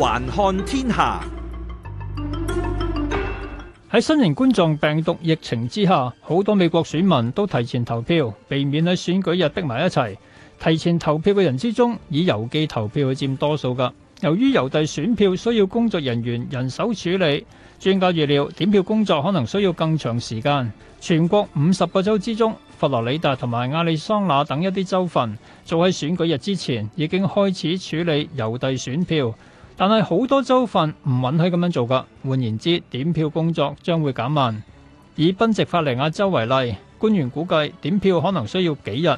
環看天下，喺新型冠狀病毒疫情之下，好多美國選民都提前投票，避免喺選舉日逼埋一齊。提前投票嘅人之中，以郵寄投票嘅佔多數噶。由於郵遞選票需要工作人員人手處理，專家預料點票工作可能需要更長時間。全國五十個州之中，佛羅里達同埋亞利桑那等一啲州份早喺選舉日之前已經開始處理郵遞選票。但係好多州份唔允許咁樣做噶。換言之，點票工作將會減慢。以賓夕法尼亞州為例，官員估計點票可能需要幾日。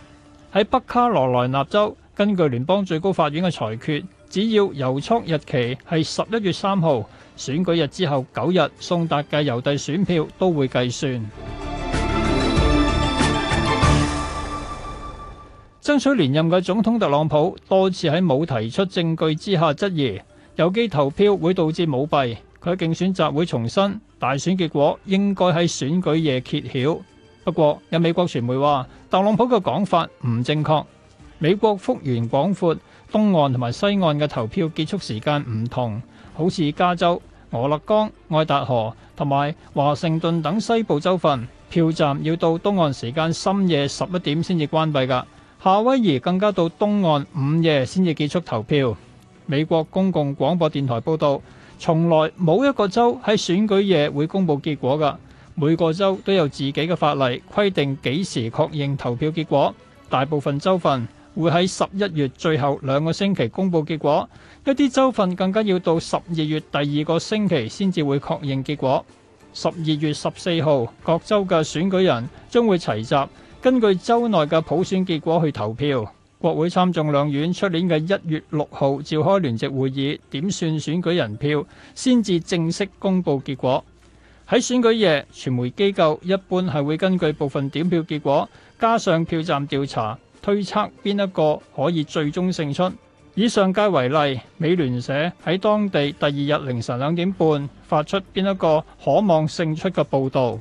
喺北卡羅來納州，根據聯邦最高法院嘅裁決，只要郵戳日期係十一月三號，選舉日之後九日送達嘅郵遞選票都會計算。 爭取連任嘅總統特朗普多次喺冇提出證據之下質疑郵寄投票會導致舞弊，佢喺競選集會重申大選結果應該喺選舉夜揭曉。不過有美國傳媒話，特朗普嘅講法唔正確。美國幅員廣闊，東岸同埋西岸嘅投票結束時間唔同，好似加州、俄勒岡、愛達荷同埋華盛頓等西部州份，票站要到東岸時間深夜十一點先至關閉㗎。夏威夷更加到東岸午夜先至結束投票。美國公共廣播電台報導，從來冇一個州喺選舉夜會公佈結果㗎。每個州都有自己嘅法例規定幾時確認投票結果。大部分州份會喺十一月最後兩個星期公佈結果，一啲州份更加要到十二月第二個星期先至會確認結果。十二月十四號，各州嘅選舉人將會齊集，根據州內嘅普選結果去投票。國會參眾兩院出年嘅一月六號召開聯席會議，點算選舉人票先至正式公布結果。喺選舉夜，傳媒機構一般係會根據部分點票結果，加上票站調查，推測邊一個可以最終勝出。以上屆為例，美聯社喺當地第二日凌晨兩點半發出邊一個可望勝出嘅報道。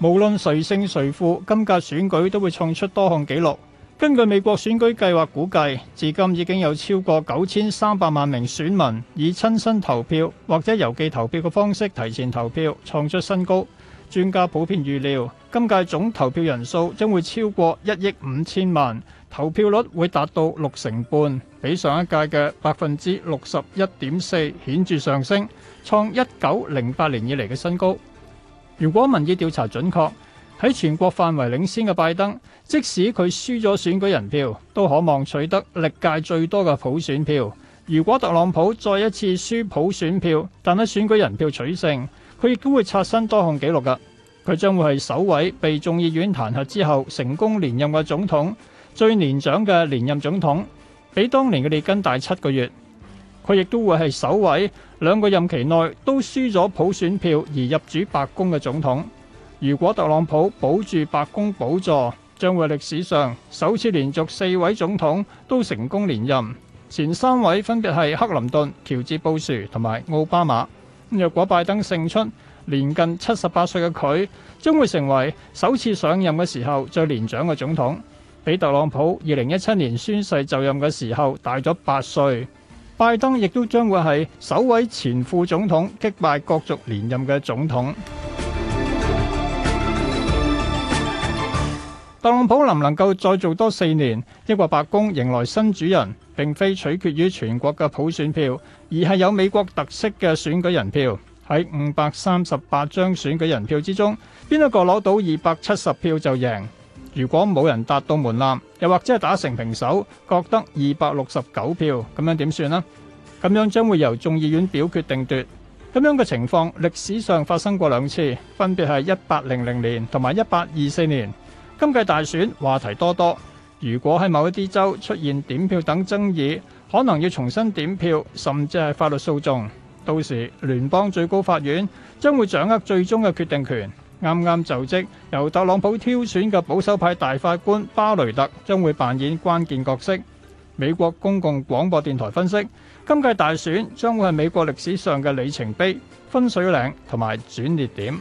無論誰勝誰負，今屆選舉都會創出多項紀錄。根據美國選舉計劃估計，至今已經有超過九千三百萬名選民以親身投票或者郵寄投票嘅方式提前投票，創出新高。專家普遍預料，今屆總投票人數將會超過一億五千萬，投票率會達到六成半，比上一屆嘅百分之六十一點四顯著上升，創一九零八年以嚟嘅新高。如果民意調查準確，喺全國範圍領先嘅拜登，即使佢輸咗選舉人票，都可望取得歷屆最多嘅普選票。如果特朗普再一次輸普選票，但喺選舉人票取勝，佢亦都會刷新多項紀錄㗎。佢將會係首位被眾議院彈劾之後成功連任嘅總統，最年長嘅連任總統，比當年嘅列根大七個月。佢亦都會係首位兩個任期內都輸咗普選票而入主白宮嘅總統。如果特朗普保住白宮寶座，將會歷史上首次連續四位總統都成功連任。前三位分別係克林頓、喬治布殊同埋奧巴馬。若果拜登勝出，年近七十八歲嘅佢將會成為首次上任嘅時候最年長嘅總統，比特朗普二零一七年宣誓就任嘅時候大咗八歲。拜登亦都將會係首位前副總統擊敗角逐連任嘅總統。特朗普能唔能夠再做多四年，抑或白宮迎來新主人？並非取決於全國嘅普選票，而係有美國特色嘅選舉人票。喺五百三十八張選舉人票之中，邊一個攞到二百七十票就贏？如果冇人達到門檻，又或者係打成平手，各得二百六十九票，咁樣點算呢？咁樣將會由眾議院表決定奪。咁樣嘅情況歷史上發生過兩次，分別係一八零零年同埋一八二四年。今屆大選話題多多，如果喺某一啲州出現點票等爭議，可能要重新點票，甚至係法律訴訟。到時聯邦最高法院將會掌握最終嘅決定權。啱啱就職，由特朗普挑選嘅保守派大法官巴雷特將會扮演關鍵角色。美國公共廣播電台分析，今屆大選將會係美國歷史上嘅里程碑、分水嶺同埋轉捩點。